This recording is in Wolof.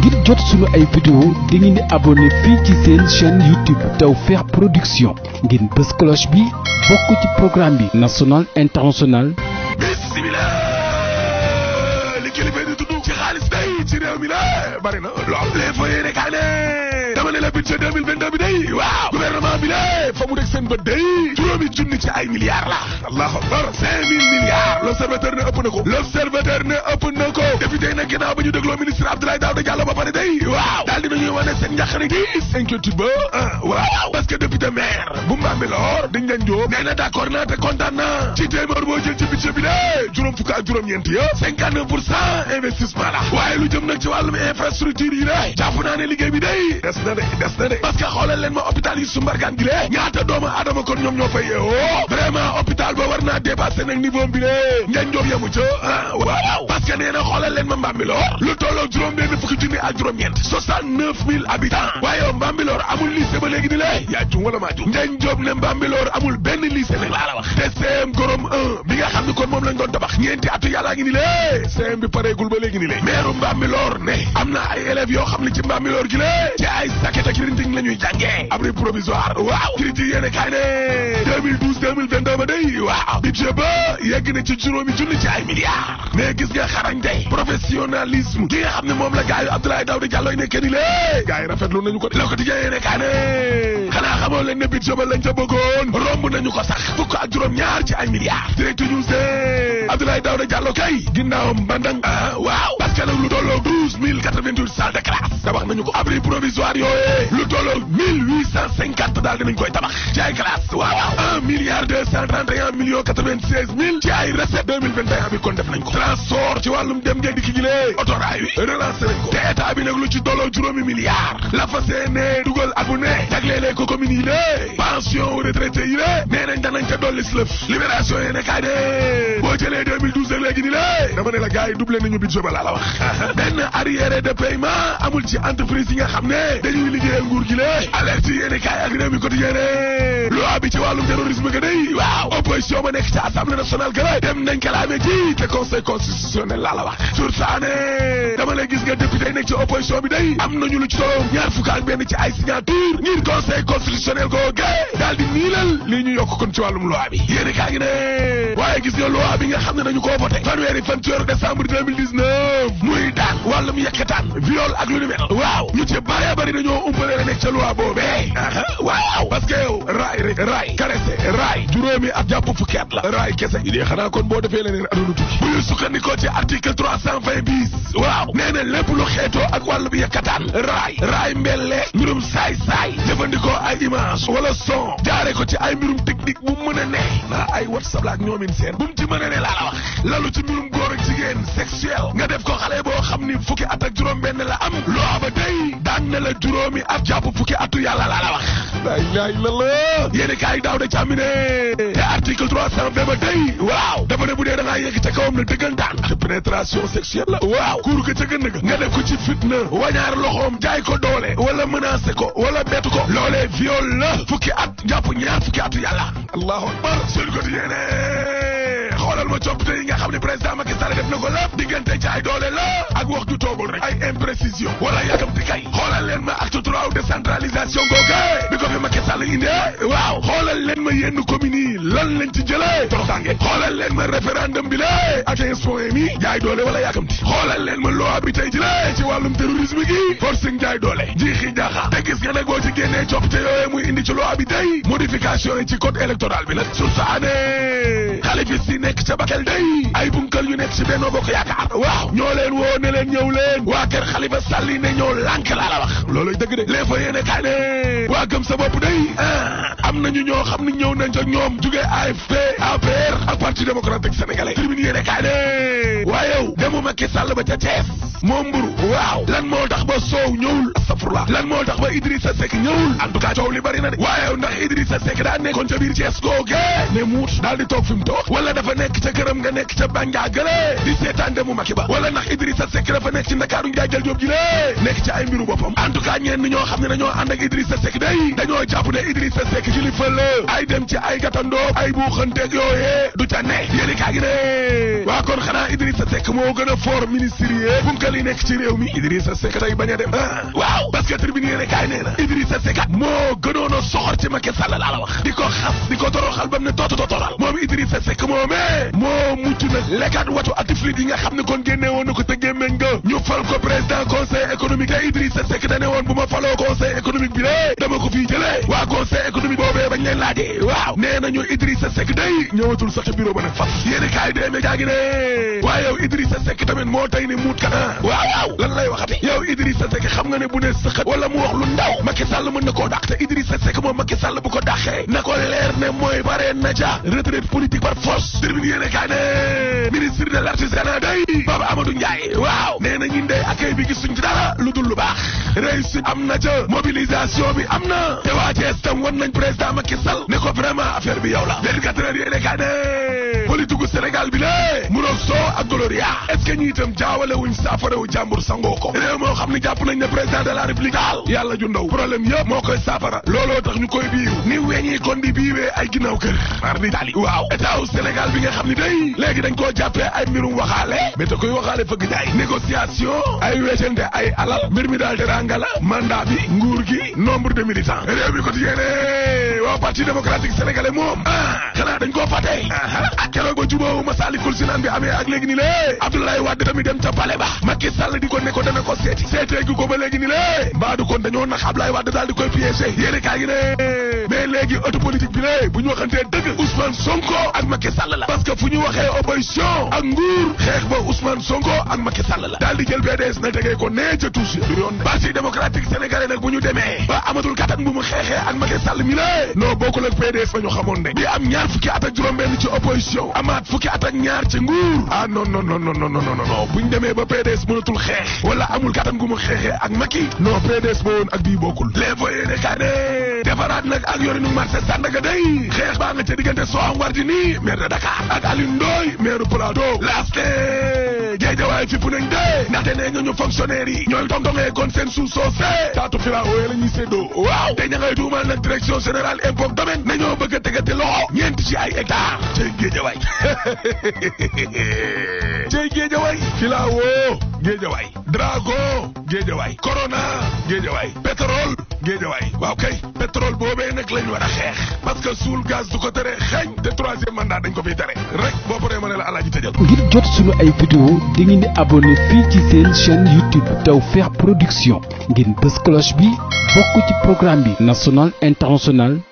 ngir jot sunu ay vidéo di ngeen di abonné fii ci seen chaîne YouTube Tawfekh Production ngeen bës cloche bi bokk ci programme bi national international bismillah li kilifa di tudd ci xaalis day ci réew mi la bari na lool les fa yéene kaane dama ne la budget 2022 bi day waaw gouvernement bi la fa mu deg seen bët day juróomi junni ci ay milliards la allahu akbar cinq mille milliards l'observateur ne ëpp na ko l'observateur ne ëpp na ko député yi nag ginnaaw ba ñu dégloo ministre Abdoulaye Daouda Diallo ba pare ñuy wane seen njaqare diis inquiétude ba ah waaw parce que député maire bu Mbambilor waaye lu jëm nag ci wàllum infrastructure yi de jàpp naa ne liggéey bi day des na de des na de leen ma hôpital yi gi de ñaata doomu aadama kon ñoom ñoo fay yeewoo vraiment hôpital ba war leen ma Mbambilor lu tolloo juróom benn fukki junni ak juróom-ñeent soixante neuf neuf mille habitants waaye Bambilor amul lycée ba ni lay yaa jum wala maa jum Ndiagne Diop ne Bambilor amul benn lycée nag laa la wax te CM Gorom 1 bi nga xam ne kon moom lañ tabax ñeenti atu yàllaa ni lay CM bi pareegul ba ni lay école Mbambilor ne am na ay élèves yoo xam ne ci Mbambilor gi lé ci ay saket ak rinting la ñuy jàngee abri provisoire waaw critique yéene kaay ne 2012 2022 ba day waaw budget ba yegg na ci juróomi junni ci ay milliards mais gis nga xarañ day professionnalisme gi nga xam ne moom la gaayu Abdoulaye Daouda Diallo nekkee ni lé gaay rafetlu nañu ko de loko tijee yéene kaay ne xanaa xamoo leen ne budget ba lañ ca bëggoon romb nañu ko sax fukk ak juróom ñaar ci ay milliards direct news de Abdoulaye Daouda Diallo kay ginnaawam bandang ah waaw askanam lu tolloog douze mille quatre-vingt-huit salle de classe tabax nañu ko abri provisoire yooyee lu tolloog mille huit cent cinquante daal dinañ tabax ci ay classe waaw un milliard deux cent trente et un millions quatre vingt ci ay dem ngeen di ki gilee autorail wi relancé nañ ko te état bi ci tolloog juróomi milliard la fa seene dugal abu ne jagleelee ko communes yi lée pension retraité yi lée nee nañ danañ ca dolli slëf libération yéene kaay de boo jëlee deux mille douze léegi ni lée dama ne wax benn arriéré de paiement amul ci entreprise yi nga xam ne dañuy liggéeyal nguur gi lé alerte yéene kaay ak réew mi quotidien ne loi bi ci wàllum terrorisme ga day waaw opposition ba nekk ci assemblée nationale ga la dem nañ kalaame ci te conseil constitutionnel laa la wax sur ça ne dama lay gis nga député yi nekk ci opposition bi day am nañu lu ci toloo ñaar fukk ak benn ci ay signature ngir conseil constitutionnel googe daal di niilal lii ñu yokk kon ci wàllum loi bi yéene bi nga xam ne dañu koo voté fanweeri fan ci weeru décembre réew muy daan wàllum yekkataan viol ak lu ni mel waaw ñu ci bëree bëri dañoo umpale la nekk ca loi boobee waaw parce que yow raay rek raay caressé raay juróomi at jàpp fukki la raay kese yi dee xanaa kon boo defee leneen aduna tukki bu ñu sukkandikoo ci article trois cent vingt bis waaw nee na lépp lu xeetoo ak wàllum yekkataan raay raay mbellee mbirum saay-saay jëfandikoo ay image wala son jaare ko ci ay mbirum technique bu mën a ne naa ay whatsapp la ak ñoomin seen bu a ci mbirum góor ak jigéen xale boo xam ni fukki at ak juróom benn la am loo ba day daan na la juróomi at jàpp fukki atu yàlla laa la wax la ilaha illallah yéeni kaay daaw da càmmine te article trois cent vingt ba waaw dafa ne bu dee da ngaa yegg ca kawam na dëggantaan te pénétration sexuelle la waaw kuur ga ca gën nga nga ko ci fitna wañaar loxoom jaay ko doole wala menacé ko wala bett ko loolee viol la fukki at jàpp ñaar fukki atu yàlla allahu akbar seen côté yéene xoolal ma coppite yi nga xam ne président Macky Sall def na ko lépp diggante jaay doole la ak wax ju toogul rek ay imprécision wala yàkkamti kay xoolal leen ma acte trois décentralisation googu gi de waaw xoolal leen ma yenn communes yi lan lañ ci jëlee toroxtaange xoolal leen ma référendum bi lée ak quinze points mi jaay doole wala yaakamti xoolal leen ma loi bi tey ji lée ci wàllum terrorisme gi forcing jaay doole jiixi jaaxa te gis nga nag boo ci génnee coppite yooyee muy indi ci loi bi modification yi code électoral bi nag sur sa année xalifis nekk ca day ñu nekk ci Benno Bokk Yaakaar waaw ñoo leen woo ne leen ñëw leen waa kër Khalifa Sall yi ne ñoo lànk laa la wax loolooy dëgg de les fa yéene kaay ne waa gëm sa bopp day ah. am nañu ñoo xam ne ñëw nañ ca ñoom jugee a APR ak parti démocratique sénégalais tribune yéene kaay ne waa yow demu Macky Sall ba ca Thiès moom mburu waaw lan moo tax ba soow ñëwul astafurlah lan moo tax ba Idrissa Seck ñëwul en tout cas coow li de waaye ndax Idrissa Seck daa nekkoon ca biir Thiès googe ne muut daal di toog lé di seetaan demu Macky ba wala ndax Idrissa Seck dafa nekk ci Ndakaaru njaay jël Jóob ji lé nekk ci ay mbiru boppam en tout cas ñoo xam ne dañoo ànd ak Idrissa Seck day dañoo jàpp ne Idrissa Seck kilifa la ay dem ci ay gatandoo ay buuxanteeg yooyee du ca ne yéeni kaa gi kon xanaa Idrissa Seck moo gën a fort ministre yi punkal yi nekk ci réew mi Idrissa Seck tey bañ a dem ah waaw parce que tribune yéene kaay nee na Idrissa Seck moo nga xam ne kon génne woon na ko te gémmeñ nga ñu fal sax ca bureau ba nag fas yéene kaay dee média gi ne waaye yow Idrissa Seck tamit moo tey ni muut ka waaw waaw lan lay waxati yow Idrissa xam nga ne bu ne sëqat wala mu wax lu ndaw Macky Sall mën na koo dàq te a Seck moom Macky Sall bu ko dàqee na ko leer ne mooy bare na ja retraite politique par force termine yéene kaa ne ministre de l'artisanat day Baba Amadou waaw nee na ñun day accueil bi gisuñ ci dara lu dul lu baax réussite am na ca mobilisation bi am na te waa Thiès tam wan nañ bi yow la ak gloria est-ce que ñi itam jaawale wuñ jàmbur sangoo ko réew moo xam ne jàpp nañ ne président de la république daal yàlla ju ndaw problème yëpp moo koy saafara looloo tax ñu koy biiw ni weñi kon di biiwee ay ginnaaw kër mar di daali waaw état Sénégal bi nga xam ne day léegi dañ koo jàppee ay mbirum waxaale mais te koy waxaale fëgg jaay négociation ay weccante ay alal mbir mi daal teranga la mandat bi nguur gi nombre de militants réew mi ko ti yéene waaw parti Ah, keroog ba jubóo Masaalikul Jinaan bi amee ak léegi ni lée Abdoulaye Wade tamit dem ca palais ba Macky Sall di ko ne ko dana ko seeti seeteegu ko ba léegi ni lée mbaa du kon dañoo nax Abdoulaye Wade daal di koy piégé yéene kaa gi ne léegi auto bi lée bu ñu waxantee dëgg Ousmane Sonko ak Macky Sall la parce que fu ñu waxee opposition ak nguur xeex ba Ousmane Sonko ak Macky Sall la daal di jël BDS nag tegee ko nee ca tuus yoon parti démocratique ñu demee ba amatul kattan bu mu xeexee ak Macky Sall mi lée noo bokkul opposition amaat fukki at ak ñaar ci nguur ah non non non non non non buñ demee ba PDS mënatul xeex wala amul kattan gu mu xeexee ak Macky non PDS ba woon ak bii bokkul les voyés de kaane defaraat nag ak yorinu marché Sandaga day xeex baa nga ca diggante Soham Wardini maire de Dakar ak Alioune Ndoye maire Plateau laste géejawaay fippu nañ de ndaxte nee nga ñu fonctionnaire yi ñooy tongtongee kon seen suuf soosé taatu firaawoye la ñuy séddoo waaw te ña ngay tuumal nag ci ay hectare cey géejawaay cey géejawaay filawoo géejawaay drago géejawaay corona géejawaay pétrole géejawaay waaw kay pétrole boobee nag lañ war xeex parce que suul gaz du ko tere xeeñ te troisième mandat dañ ko fiy tere rek boo paree ma ne la alaaji tëjal ngir jot suñu ay vidéo di ngeen di fii ci seen chaîne YouTube Tawfekh Production ngeen bës cloche bi bokk ci programme bi national international